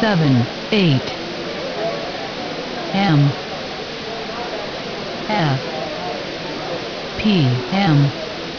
seven, eight. M. F. P. M.